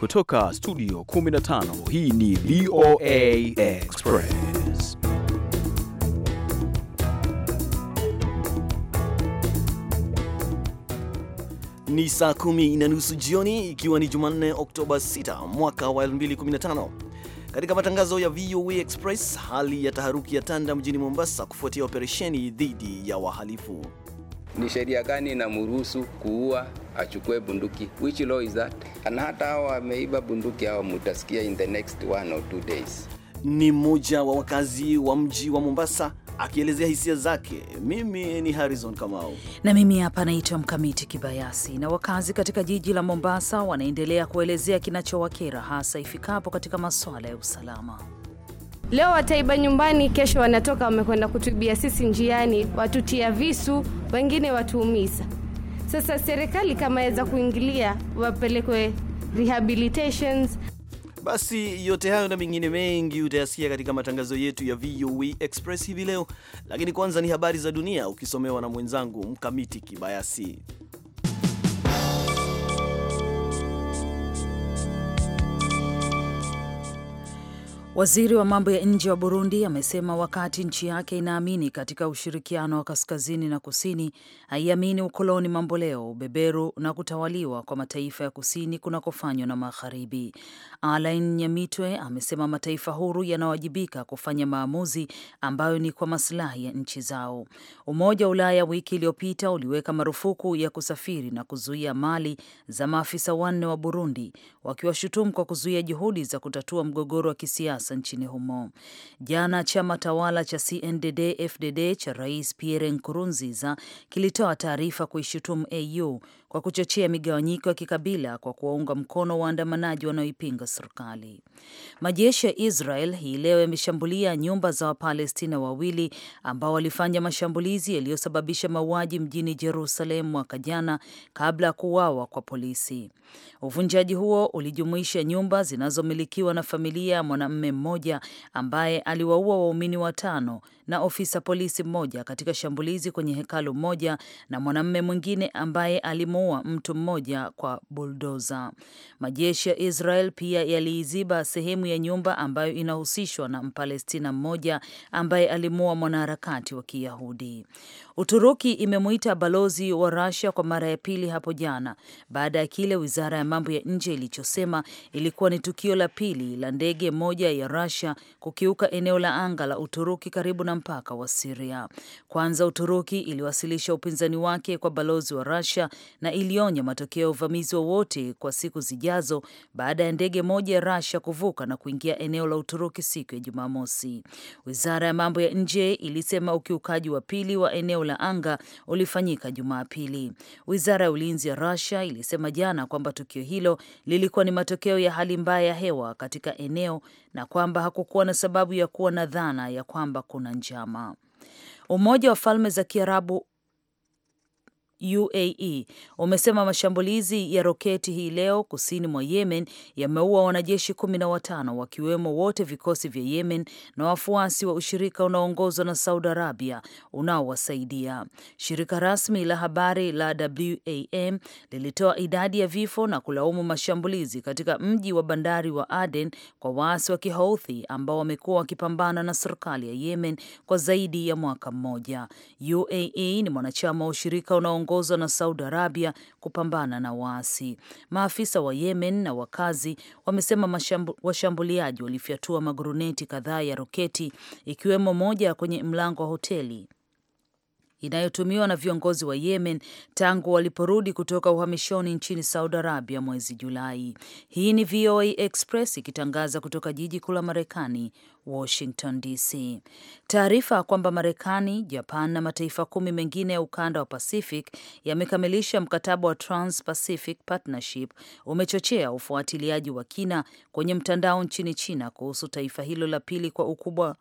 Kutoka studio 15 hii ni VOA Express. Ni saa kumi na nusu jioni ikiwa ni Jumanne Oktoba 6 mwaka wa 2015. Katika matangazo ya VOA Express, hali ya taharuki ya tanda mjini Mombasa kufuatia operesheni dhidi ya wahalifu. Ni sheria gani inamruhusu kuua achukue bunduki? Which law is that? Na hata hao wameiba bunduki hao mutasikia in the next one or two days. Ni mmoja wa wakazi wa mji wa Mombasa akielezea hisia zake. Mimi ni Harrison Kamau na mimi hapa naitwa Mkamiti Kibayasi. Na wakazi katika jiji la Mombasa wanaendelea kuelezea kinachowakera hasa ifikapo katika masuala ya usalama leo wataiba nyumbani, kesho wanatoka wamekwenda kutuibia sisi njiani, watutia visu, wengine watuumiza. Sasa serikali kama yaweza kuingilia, wapelekwe rehabilitations. Basi yote hayo na mengine mengi utayasikia katika matangazo yetu ya VOA e Express hivi leo, lakini kwanza ni habari za dunia ukisomewa na mwenzangu Mkamiti Kibayasi. Waziri wa mambo ya nje wa Burundi amesema wakati nchi yake inaamini katika ushirikiano wa kaskazini na kusini, haiamini ukoloni mamboleo, ubeberu na kutawaliwa kwa mataifa ya kusini kunakofanywa na magharibi. Alain Nyamitwe amesema mataifa huru yanawajibika kufanya maamuzi ambayo ni kwa masilahi ya nchi zao. Umoja wa Ulaya wiki iliyopita uliweka marufuku ya kusafiri na kuzuia mali za maafisa wanne wa Burundi, wakiwashutumu kwa kuzuia juhudi za kutatua mgogoro wa kisiasa kisiasa nchini humo. Jana chama tawala cha CNDD-FDD cha Rais Pierre Nkurunziza kilitoa taarifa kuishutumu AU kwa kuchochea migawanyiko ya kikabila kwa kuwaunga mkono waandamanaji wanaoipinga serikali. Majeshi ya Israel hii leo yameshambulia nyumba za Wapalestina wawili ambao walifanya mashambulizi yaliyosababisha mauaji mjini Jerusalem mwaka jana kabla ya kuuawa kwa polisi. Uvunjaji huo ulijumuisha nyumba zinazomilikiwa na familia ya mwanamume mmoja ambaye aliwaua waumini watano na ofisa polisi mmoja katika shambulizi kwenye hekalu moja na mwanamume mwingine ambaye alimu kumuua mtu mmoja kwa buldoza. Majeshi ya Israel pia yaliiziba sehemu ya nyumba ambayo inahusishwa na Mpalestina mmoja ambaye alimuua mwanaharakati wa Kiyahudi. Uturuki imemuita balozi wa rasia kwa mara ya pili hapo jana baada ya kile wizara ya mambo ya nje ilichosema ilikuwa ni tukio la pili la ndege moja ya rasia kukiuka eneo la anga la Uturuki karibu na mpaka wa siria Kwanza Uturuki iliwasilisha upinzani wake kwa balozi wa rasia na na ilionya matokeo ya uvamizi wowote kwa siku zijazo baada ya ndege moja ya Russia kuvuka na kuingia eneo la Uturuki siku ya Jumamosi. Wizara ya mambo ya nje ilisema ukiukaji wa pili wa eneo la anga ulifanyika Jumapili. Wizara ya ulinzi ya Russia ilisema jana kwamba tukio hilo lilikuwa ni matokeo ya hali mbaya ya hewa katika eneo na kwamba hakukuwa na sababu ya kuwa na dhana ya kwamba kuna njama. Umoja wa Falme za Kiarabu UAE umesema mashambulizi ya roketi hii leo kusini mwa Yemen yameua wanajeshi kumi na watano wakiwemo wote vikosi vya Yemen na wafuasi wa ushirika unaoongozwa na Saudi Arabia unaowasaidia. Shirika rasmi la habari la WAM lilitoa idadi ya vifo na kulaumu mashambulizi katika mji wa bandari wa Aden kwa waasi wa Kihouthi ambao wamekuwa wakipambana na serikali ya Yemen kwa zaidi ya mwaka mmoja. UAE ni mwanachama wa ushirika unaoongozwa inayoongozwa na Saudi Arabia kupambana na waasi. Maafisa wa Yemen na wakazi wamesema washambuliaji walifyatua maguruneti kadhaa ya roketi, ikiwemo moja kwenye mlango wa hoteli inayotumiwa na viongozi wa Yemen tangu waliporudi kutoka uhamishoni nchini Saudi Arabia mwezi Julai. Hii ni VOA Express ikitangaza kutoka jiji kuu la Marekani, Washington DC. Taarifa kwamba Marekani, Japan na mataifa kumi mengine ya ukanda wa Pacific yamekamilisha mkataba wa Trans-Pacific Partnership umechochea ufuatiliaji wa kina kwenye mtandao nchini China kuhusu taifa hilo la pili kwa ukubwa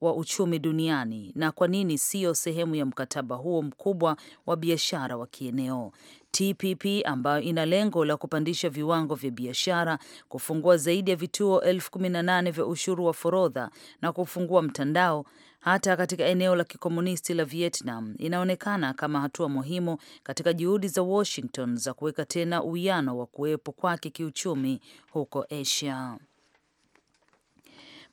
wa uchumi duniani na kwa nini siyo sehemu ya mkataba huo mkubwa wa biashara wa kieneo. TPP ambayo ina lengo la kupandisha viwango vya biashara, kufungua zaidi ya vituo elfu kumi na nane vya ushuru wa forodha na kufungua mtandao hata katika eneo la kikomunisti la Vietnam inaonekana kama hatua muhimu katika juhudi za Washington za kuweka tena uwiano wa kuwepo kwake kiuchumi huko Asia.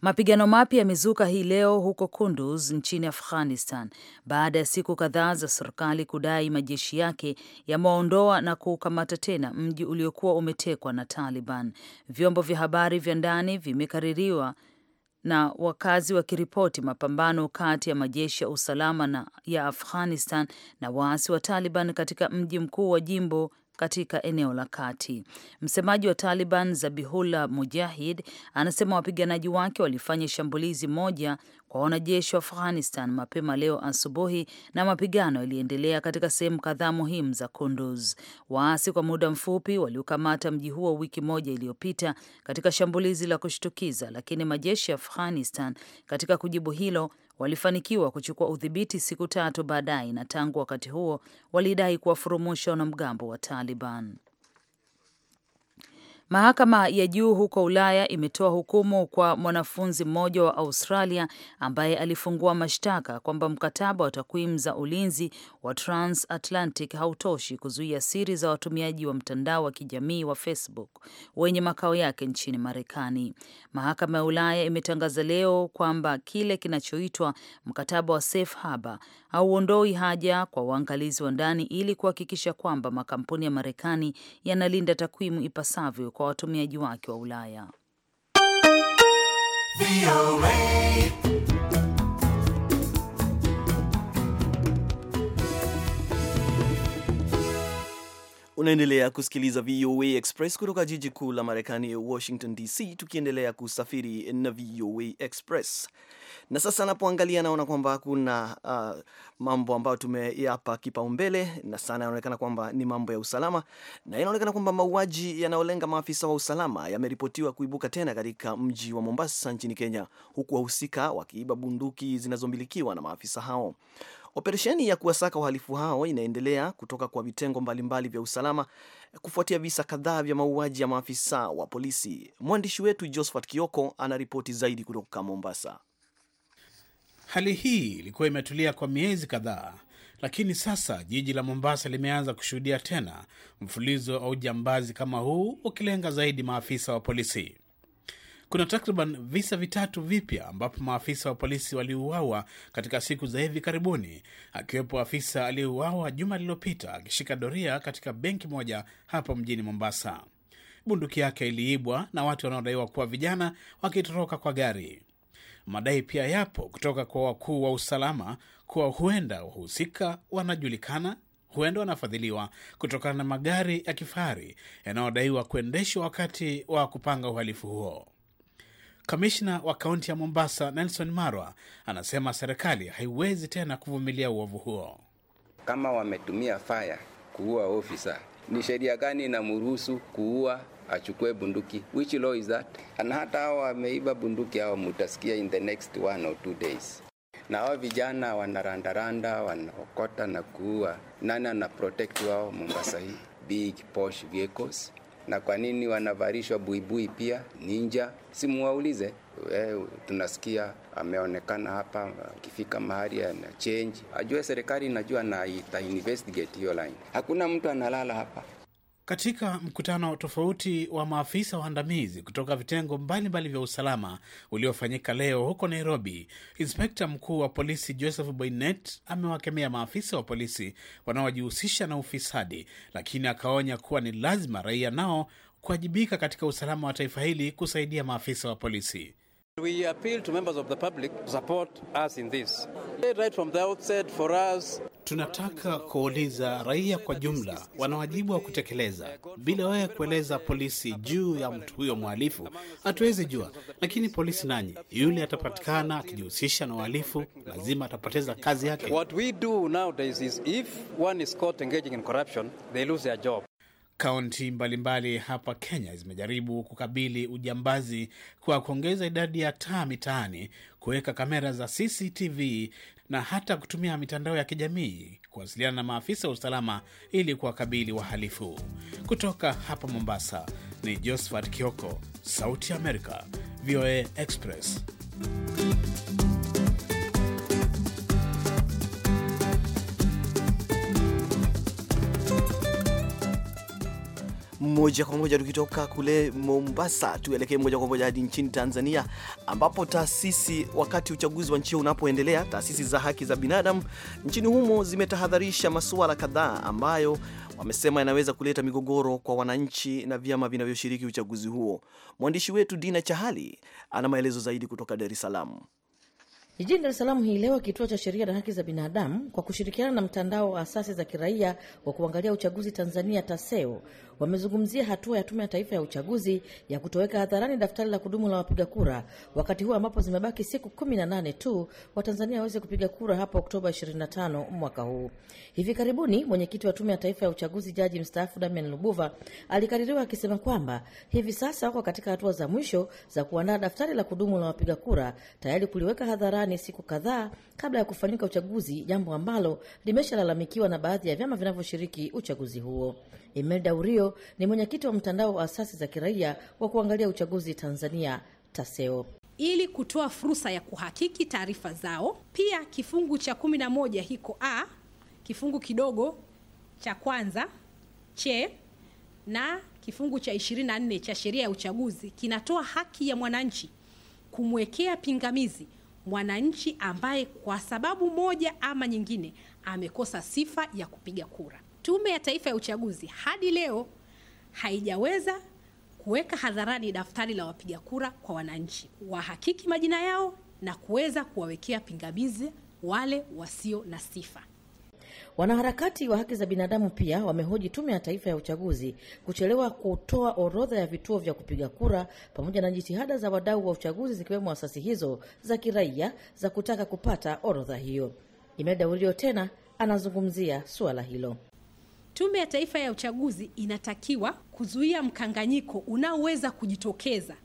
Mapigano mapya yamezuka hii leo huko Kunduz nchini Afghanistan baada ya siku kadhaa za serikali kudai majeshi yake yameondoa na kuukamata tena mji uliokuwa umetekwa na Taliban. Vyombo vya habari vya ndani vimekaririwa na wakazi wakiripoti mapambano kati ya majeshi ya usalama na ya Afghanistan na waasi wa Taliban katika mji mkuu wa jimbo katika eneo la kati. Msemaji wa Taliban Zabihullah Mujahid anasema wapiganaji wake walifanya shambulizi moja kwa wanajeshi wa Afghanistan mapema leo asubuhi, na mapigano yaliendelea katika sehemu kadhaa muhimu za Kunduz. Waasi kwa muda mfupi waliukamata mji huo wiki moja iliyopita katika shambulizi la kushtukiza, lakini majeshi ya Afghanistan katika kujibu hilo walifanikiwa kuchukua udhibiti siku tatu baadaye, na tangu wakati huo walidai kuwafurumusha wanamgambo wa Taliban. Mahakama ya juu huko Ulaya imetoa hukumu kwa mwanafunzi mmoja wa Australia ambaye alifungua mashtaka kwamba mkataba wa takwimu za ulinzi wa transatlantic hautoshi kuzuia siri za watumiaji wa mtandao wa kijamii wa Facebook wenye makao yake nchini Marekani. Mahakama ya Ulaya imetangaza leo kwamba kile kinachoitwa mkataba wa safe harbor hauondoi haja kwa uangalizi wa ndani ili kuhakikisha kwamba makampuni ya Marekani yanalinda takwimu ipasavyo kwa watumiaji wake wa Ulaya. Unaendelea kusikiliza VOA Express kutoka jiji kuu la Marekani, Washington DC, tukiendelea kusafiri na VOA Express. Na sasa napoangalia, naona kwamba kuna uh, mambo ambayo tumeyapa kipaumbele na sana yanaonekana kwamba ni mambo ya usalama, na inaonekana kwamba mauaji yanayolenga maafisa wa usalama yameripotiwa kuibuka tena katika mji wa Mombasa nchini Kenya, huku wahusika wakiiba bunduki zinazomilikiwa na maafisa hao. Operesheni ya kuwasaka wahalifu hao inaendelea kutoka kwa vitengo mbalimbali vya usalama kufuatia visa kadhaa vya mauaji ya maafisa wa polisi. Mwandishi wetu Josephat Kioko anaripoti zaidi kutoka Mombasa. Hali hii ilikuwa imetulia kwa miezi kadhaa, lakini sasa jiji la Mombasa limeanza kushuhudia tena mfulizo wa ujambazi kama huu, ukilenga zaidi maafisa wa polisi. Kuna takriban visa vitatu vipya ambapo maafisa wa polisi waliuawa katika siku za hivi karibuni, akiwepo afisa aliyeuawa juma lililopita akishika doria katika benki moja hapa mjini Mombasa. Bunduki yake iliibwa na watu wanaodaiwa kuwa vijana wakitoroka kwa gari. Madai pia yapo kutoka kwa wakuu wa usalama kuwa huenda wahusika wanajulikana, huenda wanafadhiliwa kutokana na magari ya kifahari yanayodaiwa kuendeshwa wakati wa kupanga uhalifu huo. Kamishna wa kaunti ya Mombasa Nelson Marwa anasema serikali haiwezi tena kuvumilia uovu huo. Kama wametumia faya kuua ofisa, ni sheria gani inamruhusu kuua achukue bunduki? Which law is that? Na hata hao wameiba bunduki hao, mutasikia in the next one or two days. Na hao vijana wanarandaranda, wanaokota na kuua, nani ana protect wao Mombasa hii? Big posh vehicles na kwa nini wanavarishwa buibui pia ninja? Simuwaulize we, tunasikia ameonekana hapa akifika mahali ana change, ajue serikali inajua na ita investigate hiyo line. Hakuna mtu analala hapa. Katika mkutano tofauti wa maafisa waandamizi kutoka vitengo mbalimbali mbali vya usalama uliofanyika leo huko Nairobi, inspekta mkuu wa polisi Joseph Boynet amewakemea maafisa wa polisi wanaojihusisha na ufisadi, lakini akaonya kuwa ni lazima raia nao kuwajibika katika usalama wa taifa hili kusaidia maafisa wa polisi. We appeal to members of the public to support us in this. Right from the outset for us Tunataka kuuliza raia kwa jumla wana wajibu wa kutekeleza. Bila wewe kueleza polisi juu ya mtu huyo mhalifu, hatuwezi jua. Lakini polisi nanyi, yule atapatikana akijihusisha na uhalifu, lazima atapoteza kazi yake. What we do nowadays is if one is caught engaging in corruption, they lose their job. Kaunti mbalimbali hapa Kenya zimejaribu kukabili ujambazi kwa kuongeza idadi ya taa mitaani, kuweka kamera za CCTV na hata kutumia mitandao ya kijamii kuwasiliana na maafisa wa usalama ili kuwakabili wahalifu. Kutoka hapa Mombasa ni Josephat Kioko, Sauti ya Amerika, VOA Express. moja kwa moja tukitoka kule Mombasa tuelekee moja kwa moja hadi nchini Tanzania, ambapo taasisi, wakati uchaguzi wa nchi hiyo unapoendelea, taasisi za haki za binadamu nchini humo zimetahadharisha masuala kadhaa ambayo wamesema yanaweza kuleta migogoro kwa wananchi na vyama vinavyoshiriki uchaguzi huo. Mwandishi wetu Dina Chahali ana maelezo zaidi kutoka Dar es Salaam. Jijini Dar es Salaam hii leo kituo cha sheria na haki za binadamu kwa kushirikiana na mtandao wa asasi za kiraia wa kuangalia uchaguzi Tanzania TASEO wamezungumzia hatua ya Tume ya Taifa ya Uchaguzi ya kutoweka hadharani daftari la kudumu la wapiga kura wakati huu ambapo zimebaki siku 18 tu Watanzania waweze kupiga kura hapo Oktoba 25 mwaka huu. Hivi karibuni mwenyekiti wa Tume ya Taifa ya Uchaguzi, jaji mstaafu Damian Lubuva alikaririwa akisema kwamba hivi sasa wako katika hatua za mwisho za kuandaa daftari la kudumu la wapiga kura tayari kuliweka hadharani siku kadhaa kabla ya kufanyika uchaguzi, jambo ambalo limeshalalamikiwa na baadhi ya vyama vinavyoshiriki uchaguzi huo. Imelda Urio ni mwenyekiti wa mtandao wa asasi za kiraia wa kuangalia uchaguzi Tanzania, TASEO ili kutoa fursa ya kuhakiki taarifa zao. Pia kifungu cha kumi na moja hiko a kifungu kidogo cha kwanza che na kifungu cha 24 cha sheria ya uchaguzi kinatoa haki ya mwananchi kumwekea pingamizi mwananchi ambaye kwa sababu moja ama nyingine amekosa sifa ya kupiga kura. Tume ya Taifa ya Uchaguzi hadi leo haijaweza kuweka hadharani daftari la wapiga kura kwa wananchi, wahakiki majina yao na kuweza kuwawekea pingamizi wale wasio na sifa. Wanaharakati wa haki za binadamu pia wamehoji Tume ya Taifa ya Uchaguzi kuchelewa kutoa orodha ya vituo vya kupiga kura pamoja na jitihada za wadau wa uchaguzi zikiwemo asasi hizo za kiraia za kutaka kupata orodha hiyo. Imelda Ulio tena anazungumzia suala hilo. Tume ya Taifa ya Uchaguzi inatakiwa kuzuia mkanganyiko unaoweza kujitokeza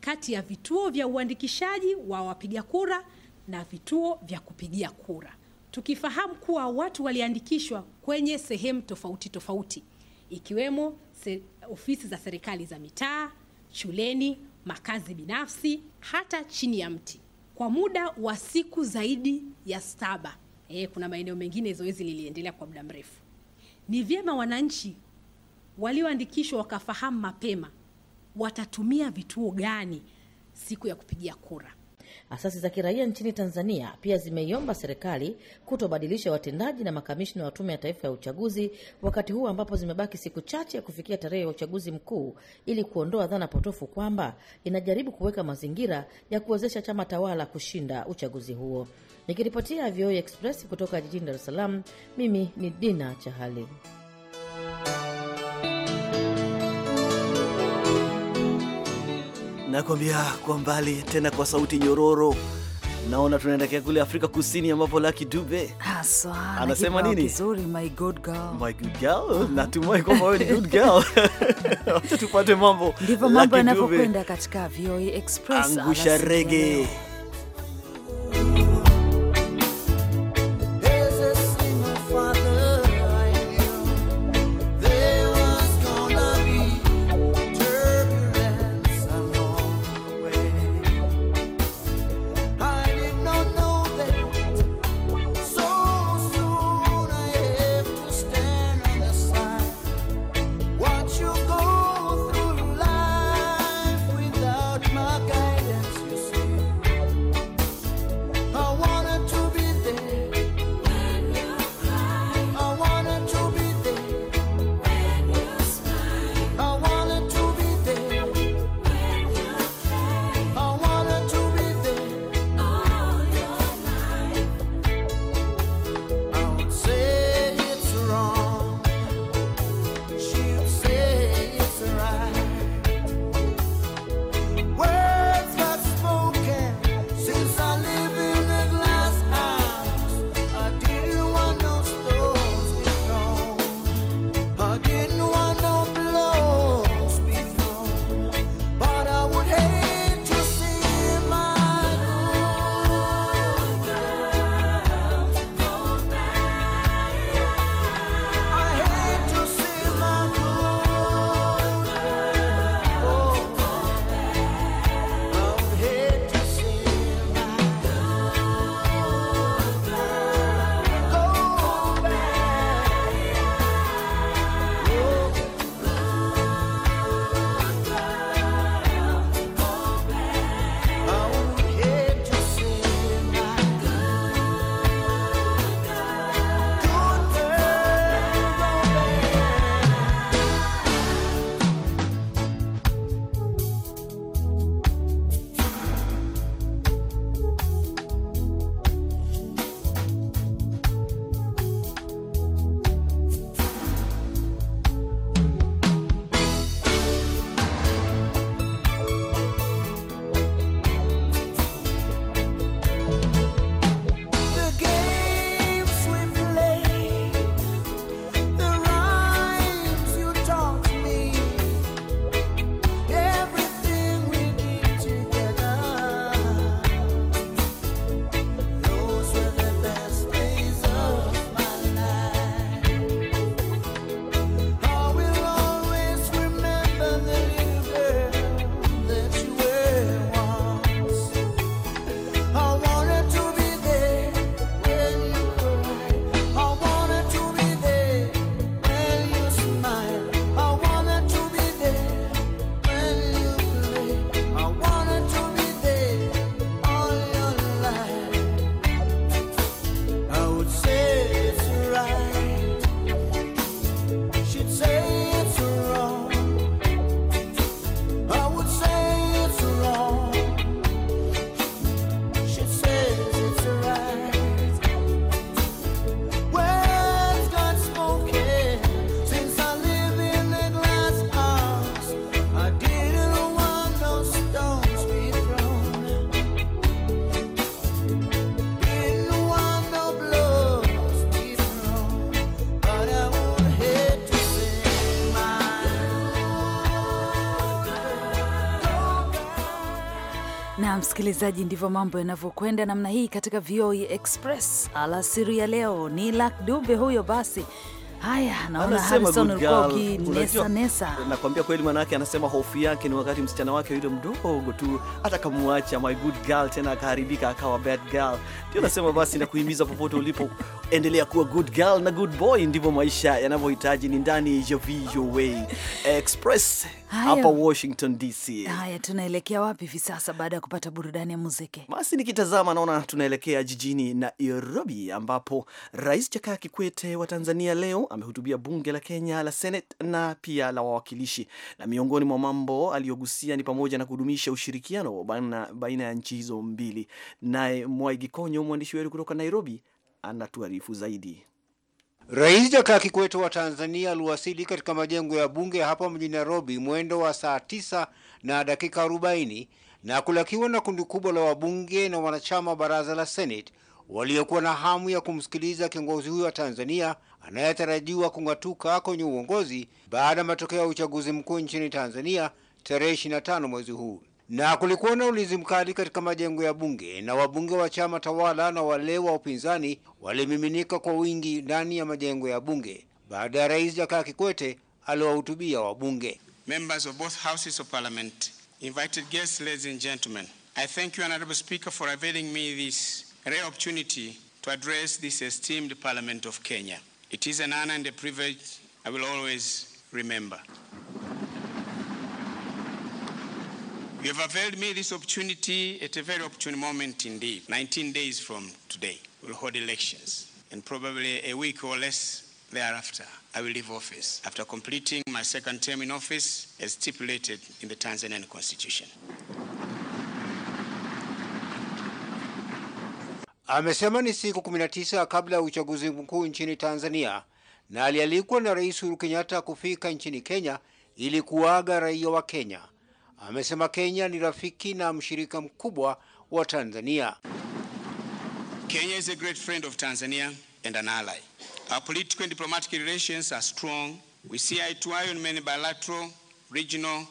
kati ya vituo vya uandikishaji wa wapiga kura na vituo vya kupigia kura, tukifahamu kuwa watu waliandikishwa kwenye sehemu tofauti tofauti ikiwemo se, ofisi za serikali za mitaa, shuleni, makazi binafsi, hata chini ya mti kwa muda wa siku zaidi ya saba. E, kuna maeneo mengine zoezi liliendelea kwa muda mrefu ni vyema wananchi walioandikishwa wakafahamu mapema watatumia vituo gani siku ya kupigia kura. Asasi za kiraia nchini Tanzania pia zimeiomba serikali kutobadilisha watendaji na makamishna wa Tume ya Taifa ya Uchaguzi wakati huu ambapo zimebaki siku chache ya kufikia tarehe ya uchaguzi mkuu, ili kuondoa dhana potofu kwamba inajaribu kuweka mazingira ya kuwezesha chama tawala kushinda uchaguzi huo. Nikiripotia VOA e Express kutoka jijini Dar Salaam, mimi ni Dina Chahali. Nakwambia kwa mbali tena kwa sauti nyororo. Naona tunaendekea kule Afrika Kusini ambapo laki Dube haswa anasema nini kizuri, my good girl, my good girl. Natumai kwamba wewe ni good girl, tupate mambo. Ndivyo mambo yanavyokwenda katika VOA e Express, angusha rege msikilizaji, ndivyo mambo yanavyokwenda namna hii katika VOA e Express alasiri ya leo. Ni Lak Dube huyo. Basi haya, naona Harrison ulikuwa ukinesa nesa. Nakwambia kweli, mwanawake anasema hofu yake ni wakati msichana wake yule mdogo tu atakamwacha my good girl, tena akaharibika akawa bad girl. Ndio nasema basi, nakuhimiza popote ulipo endelea kuwa good girl na good boy, ndivyo maisha yanavyohitaji. Ni ndani ya VOA Express hapa Washington DC. Haya, tunaelekea wapi hivi sasa baada ya kupata burudani ya muziki? Basi nikitazama naona tunaelekea jijini Nairobi, ambapo Rais Jakaya Kikwete wa Tanzania leo amehutubia bunge la Kenya la Senate na pia la wawakilishi, na miongoni mwa mambo aliyogusia ni pamoja na kudumisha ushirikiano baina ya nchi hizo mbili. Naye Mwaigikonyo, mwandishi wetu kutoka Nairobi, anatuarifu zaidi. Rais Jakaya Kikwete wa Tanzania aliwasili katika majengo ya bunge hapa mjini Nairobi mwendo wa saa tisa na dakika arobaini na kulakiwa na kundi kubwa la wabunge na wanachama wa baraza la Senate waliokuwa na hamu ya kumsikiliza kiongozi huyo wa Tanzania anayetarajiwa kung'atuka kwenye uongozi baada ya matokeo ya uchaguzi mkuu nchini Tanzania tarehe 25 mwezi huu. Na kulikuwa na ulinzi mkali katika majengo ya bunge na wabunge wa chama tawala na wale wa upinzani walimiminika kwa wingi ndani ya majengo ya bunge baada ya Rais Jakaya Kikwete aliwahutubia wabunge. Members of both houses of parliament, invited guests, ladies and gentlemen, I thank you honorable speaker for availing me this rare opportunity to address this esteemed parliament of Kenya. It is an honor and a privilege I will always remember. You have availed me this opportunity at a very opportune moment indeed. 19 days from today, we'll hold elections, and probably a week or less thereafter, I will leave office after completing my second term in office as stipulated in the Tanzanian Constitution. Amesema ni siku 19 kabla ya uchaguzi mkuu nchini Tanzania na alialikwa na Rais Uhuru Kenyatta kufika nchini Kenya ili kuaga raia wa Kenya amesema Kenya ni rafiki na mshirika mkubwa wa Tanzania. Kenya is a great friend of Tanzania and an ally. Our political and diplomatic relations are strong. We see eye to eye on many bilateral, regional,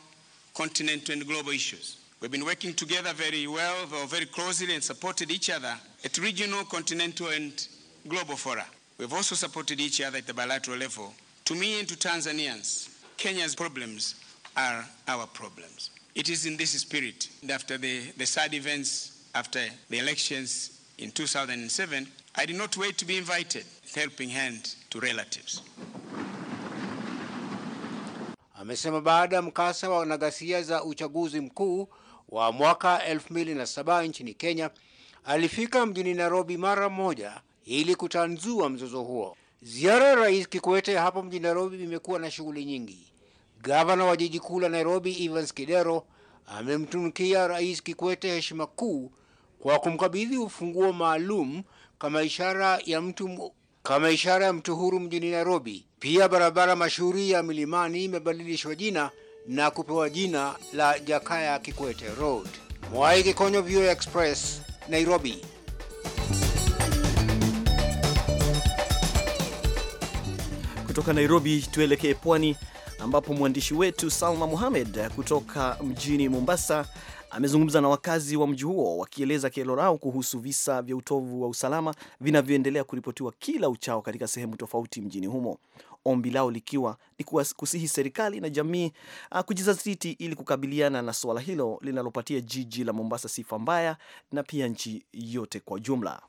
continental and global issues. We've been working together very well, very closely and supported each other at regional, continental and global fora. We've also supported each other at the bilateral level. To me and to Tanzanians, Kenya's problems are our problems. It is in this spirit that after the, the sad events, after the elections in 2007, I did not wait to be invited, helping hand to relatives. Amesema baada ya mkasa wa ghasia za uchaguzi mkuu wa mwaka 2007 nchini Kenya, alifika mjini Nairobi mara moja ili kutanzua mzozo huo. Ziara ya Rais Kikwete hapo mjini Nairobi imekuwa na shughuli nyingi. Gavana wa jiji kuu la Nairobi Evans Kidero amemtunukia Rais Kikwete heshima kuu kwa kumkabidhi ufunguo maalum kama ishara ya mtu kama ishara ya mtu huru mjini Nairobi. Pia barabara mashuhuri ya Milimani imebadilishwa jina na kupewa jina la Jakaya Kikwete Road. Mwai Kikonyo, View Express, Nairobi. Kutoka Nairobi tuelekee pwani ambapo mwandishi wetu Salma muhamed kutoka mjini Mombasa amezungumza na wakazi wa mji huo wakieleza kero lao kuhusu visa vya utovu wa usalama vinavyoendelea kuripotiwa kila uchao katika sehemu tofauti mjini humo, ombi lao likiwa ni kusihi serikali na jamii ah, kujizatiti ili kukabiliana na suala hilo linalopatia jiji la Mombasa sifa mbaya na pia nchi yote kwa jumla.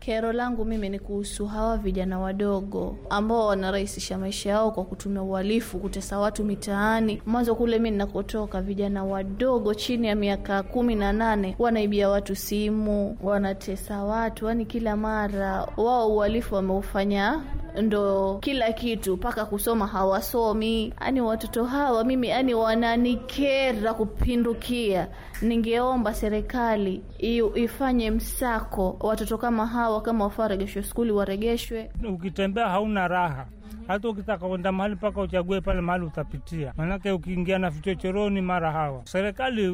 Kero langu mimi ni kuhusu hawa vijana wadogo ambao wanarahisisha maisha yao kwa kutumia uhalifu, kutesa watu mitaani. Mwanzo kule mi ninakotoka, vijana wadogo chini ya miaka kumi na nane wanaibia watu simu, wanatesa watu, yani kila mara wao uhalifu wameufanya ndo kila kitu, mpaka kusoma hawasomi. Ani watoto hawa mimi ani wananikera kupindukia. Ningeomba serikali ifanye msako watoto kama hawa sawa, kama wafaa waregeshwe skuli waregeshwe. Ukitembea hauna raha hata ukitaka kwenda mahali mpaka uchague pale mahali utapitia, manake ukiingia na vichochoroni mara hawa. Serikali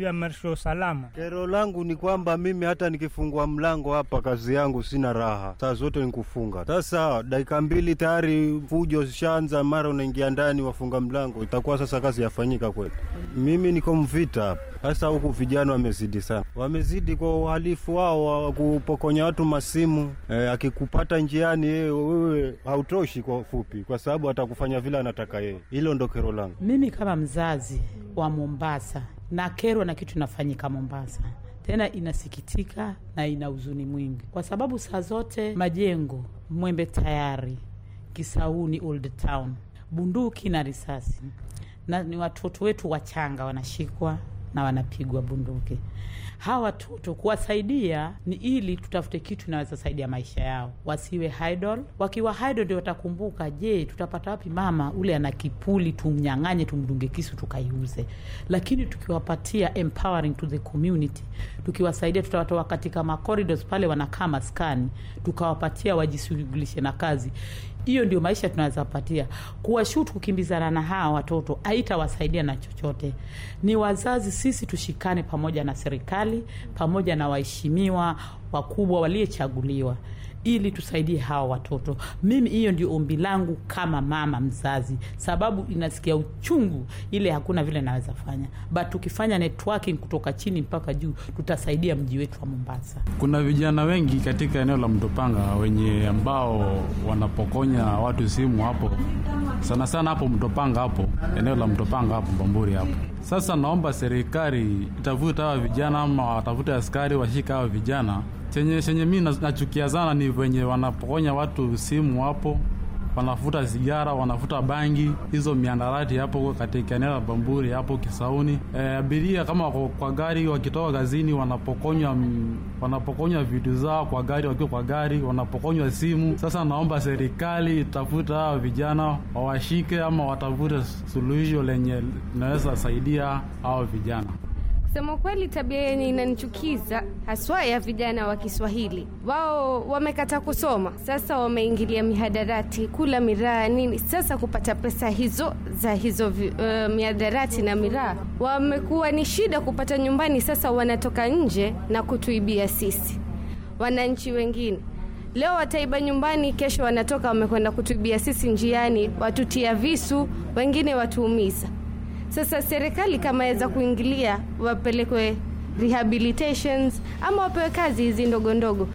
iamrishe usalama. Kero langu ni kwamba mimi hata nikifungua mlango hapa kazi yangu sina raha, saa zote ni kufunga. Sasa dakika mbili tayari fujo zishaanza, mara unaingia ndani wafunga mlango, itakuwa sasa kazi yafanyika kweli? Mimi niko Mvita hapa sasa huku vijana wamezidi sana, wamezidi kwa uhalifu wao wa kupokonya watu masimu. E, akikupata njiani yeye wewe hautoshi kwa fupi, kwa sababu atakufanya vile anataka yeye. Hilo ndo kero langu mimi kama mzazi wa Mombasa, na kerwa na kitu nafanyika Mombasa tena inasikitika na ina huzuni mwingi, kwa sababu saa zote majengo Mwembe tayari, Kisauni, Old Town, bunduki na risasi, na ni watoto wetu wachanga wanashikwa na wanapigwa bunduki. Hawa watoto kuwasaidia ni ili tutafute kitu inaweza saidia maisha yao, wasiwe idle. Wakiwa idle ndio watakumbuka, je, tutapata wapi mama ule ana kipuli, tumnyang'anye, tumdunge kisu tukaiuze. Lakini tukiwapatia empowering to the community, tukiwasaidia, tutawatoa katika ma corridors pale wanakaa maskani, tukawapatia wajishughulishe na kazi hiyo ndio maisha tunazapatia. Kuwashutu kukimbizana na hawa watoto haitawasaidia na chochote. Ni wazazi sisi tushikane pamoja na serikali pamoja na waheshimiwa wakubwa waliyechaguliwa ili tusaidie hawa watoto. Mimi hiyo ndio ombi langu kama mama mzazi, sababu inasikia uchungu ile, hakuna vile naweza fanya, but tukifanya networking kutoka chini mpaka juu, tutasaidia mji wetu wa Mombasa. Kuna vijana wengi katika eneo la Mtopanga wenye ambao wanapokonya watu simu hapo, sana sana hapo Mtopanga, hapo eneo la Mtopanga hapo Bamburi hapo. Sasa naomba serikali itavuta hawa vijana ama watavuta askari washika hawa vijana chenye chenye mi nachukia sana ni venye wanapokonya watu simu hapo wanafuta sigara, wanafuta bangi hizo miandarati hapo katika eneo la Bamburi hapo Kisauni. E, abiria kama wako kwa gari wakitoka kazini wanapokonywa, wanapokonywa vitu zao kwa gari, wakiwa kwa gari wanapokonywa simu. Sasa naomba serikali itafuta hao vijana wawashike, ama watafute suluhisho lenye linaweza saidia hao vijana. Kusema kweli, tabia yenye inanichukiza haswa ya vijana wa Kiswahili, wao wamekata kusoma, sasa wameingilia mihadarati, kula miraa nini, sasa kupata pesa hizo za hizo uh, mihadarati na miraa wamekuwa ni shida kupata nyumbani, sasa wanatoka nje na kutuibia sisi wananchi wengine. Leo wataiba nyumbani, kesho wanatoka wamekwenda kutuibia sisi njiani, watutia visu, wengine watuumiza. Sasa serikali kama aweza kuingilia, wapelekwe rehabilitations ama wapewe kazi hizi ndogo ndogo.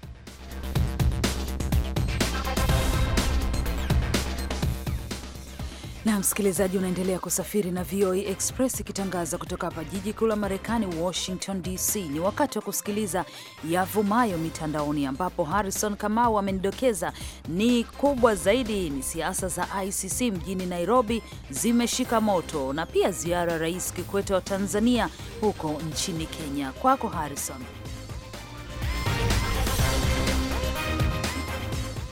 na msikilizaji, unaendelea kusafiri na VOA e Express ikitangaza kutoka hapa jiji kuu la Marekani, Washington DC. Ni wakati wa kusikiliza yavumayo mitandaoni, ambapo Harrison Kamau amenidokeza ni kubwa zaidi ni siasa za ICC mjini Nairobi zimeshika moto, na pia ziara Rais Kikwete wa Tanzania huko nchini Kenya. Kwako Harrison.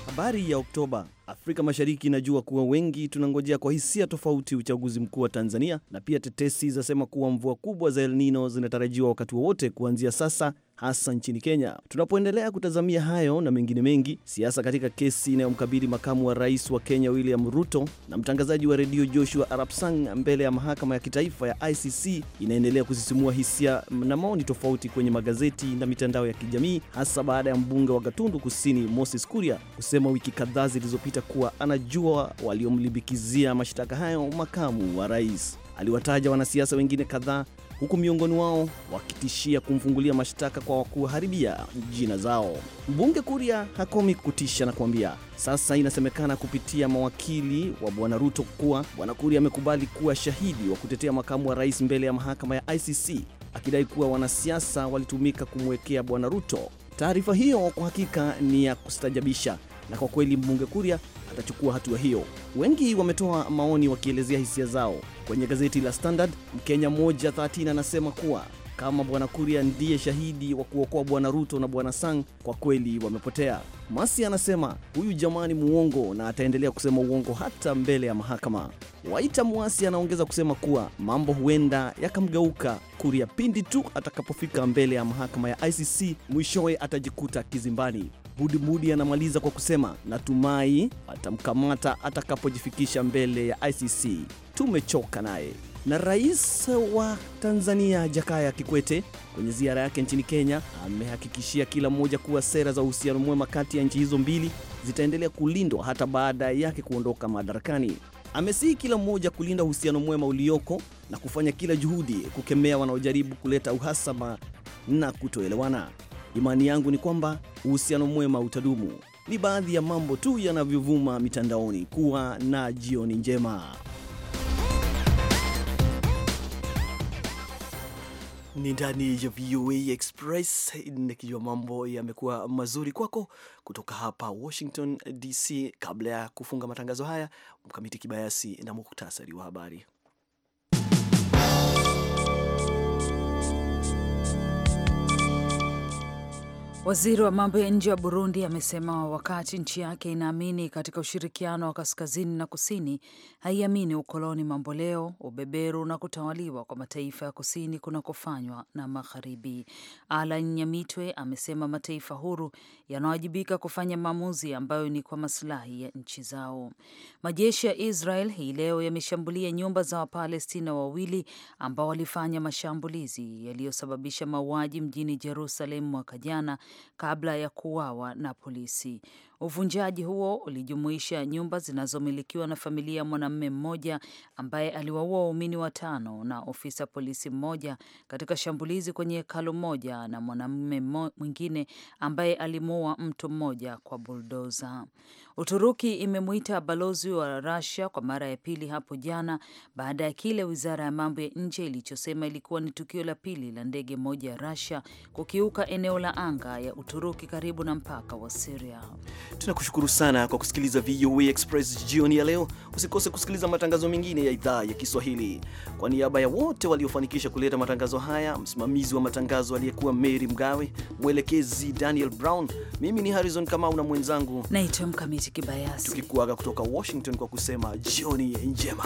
Habari ya Oktoba Afrika Mashariki inajua kuwa wengi tunangojea kwa hisia tofauti uchaguzi mkuu wa Tanzania, na pia tetesi zasema kuwa mvua kubwa za El Nino zinatarajiwa wakati wowote kuanzia sasa hasa nchini Kenya. Tunapoendelea kutazamia hayo na mengine mengi, siasa katika kesi inayomkabili makamu wa rais wa Kenya William Ruto na mtangazaji wa redio Joshua Arapsang mbele ya mahakama ya kitaifa ya ICC inaendelea kusisimua hisia na maoni tofauti kwenye magazeti na mitandao ya kijamii, hasa baada ya mbunge wa Gatundu Kusini Moses Kuria kusema wiki kadhaa zilizopita kuwa anajua waliomlimbikizia mashtaka hayo makamu wa rais. Aliwataja wanasiasa wengine kadhaa huku miongoni wao wakitishia kumfungulia mashtaka kwa kuharibia jina zao. Mbunge Kuria hakomi kutisha na kuambia sasa inasemekana kupitia mawakili wa bwana Ruto kuwa bwana Kuria amekubali kuwa shahidi wa kutetea makamu wa rais mbele ya mahakama ya ICC akidai kuwa wanasiasa walitumika kumwekea bwana Ruto. Taarifa hiyo kwa hakika ni ya kustajabisha, na kwa kweli mbunge Kuria atachukua hatua hiyo. Wengi wametoa maoni wakielezea hisia zao. Kwenye gazeti la Standard, Mkenya mmoja 13 anasema kuwa kama Bwana Kuria ndiye shahidi wa kuokoa Bwana Ruto na Bwana Sang, kwa kweli wamepotea. Masi anasema huyu jamaa ni muongo na ataendelea kusema uongo hata mbele ya mahakama. Waita Mwasi anaongeza kusema kuwa mambo huenda yakamgeuka Kuria pindi tu atakapofika mbele ya mahakama ya ICC, mwishowe atajikuta kizimbani. Budi Budi anamaliza kwa kusema natumai atamkamata atakapojifikisha mbele ya ICC, tumechoka naye. Na rais wa Tanzania Jakaya Kikwete kwenye ziara yake nchini Kenya amehakikishia kila mmoja kuwa sera za uhusiano mwema kati ya nchi hizo mbili zitaendelea kulindwa hata baada yake kuondoka madarakani. Amesihi kila mmoja kulinda uhusiano mwema ulioko na kufanya kila juhudi kukemea wanaojaribu kuleta uhasama na kutoelewana. Imani yangu ni kwamba uhusiano mwema utadumu. Ni baadhi ya mambo tu yanavyovuma mitandaoni. Kuwa na jioni njema. ni ndani ya VOA Express nikijua mambo yamekuwa mazuri kwako kutoka hapa Washington DC. Kabla ya kufunga matangazo haya, Mkamiti Kibayasi na muktasari wa habari. Waziri wa mambo ya nje wa Burundi amesema wakati nchi yake inaamini katika ushirikiano wa kaskazini na kusini, haiamini ukoloni mamboleo, ubeberu na kutawaliwa kwa mataifa ya kusini kunakofanywa na magharibi. Alan Nyamitwe amesema mataifa huru yanawajibika kufanya maamuzi ambayo ni kwa masilahi ya nchi zao. Majeshi ya Israel hii leo yameshambulia nyumba za Wapalestina wawili ambao walifanya mashambulizi yaliyosababisha mauaji mjini Jerusalem mwaka jana kabla ya kuuawa na polisi. Uvunjaji huo ulijumuisha nyumba zinazomilikiwa na familia ya mwanamume mmoja ambaye aliwaua waumini watano na ofisa polisi mmoja katika shambulizi kwenye hekalu moja na mwanamume mwingine ambaye alimuua mtu mmoja kwa buldoza. Uturuki imemwita balozi wa rasia kwa mara ya pili hapo jana baada ya kile wizara ya mambo ya nje ilichosema ilikuwa ni tukio la pili la ndege moja ya rasia kukiuka eneo la anga ya Uturuki karibu na mpaka wa siria Tunakushukuru sana kwa kusikiliza VOA Express jioni ya leo. Usikose kusikiliza matangazo mengine ya idhaa ya Kiswahili. Kwa niaba ya wote waliofanikisha kuleta matangazo haya, msimamizi wa matangazo aliyekuwa Mary Mgawe, mwelekezi Daniel Brown, mimi ni Harrison Kamau na mwenzangu naitwa Mkamiti Kibayasi, tukikuaga kutoka Washington kwa kusema jioni njema.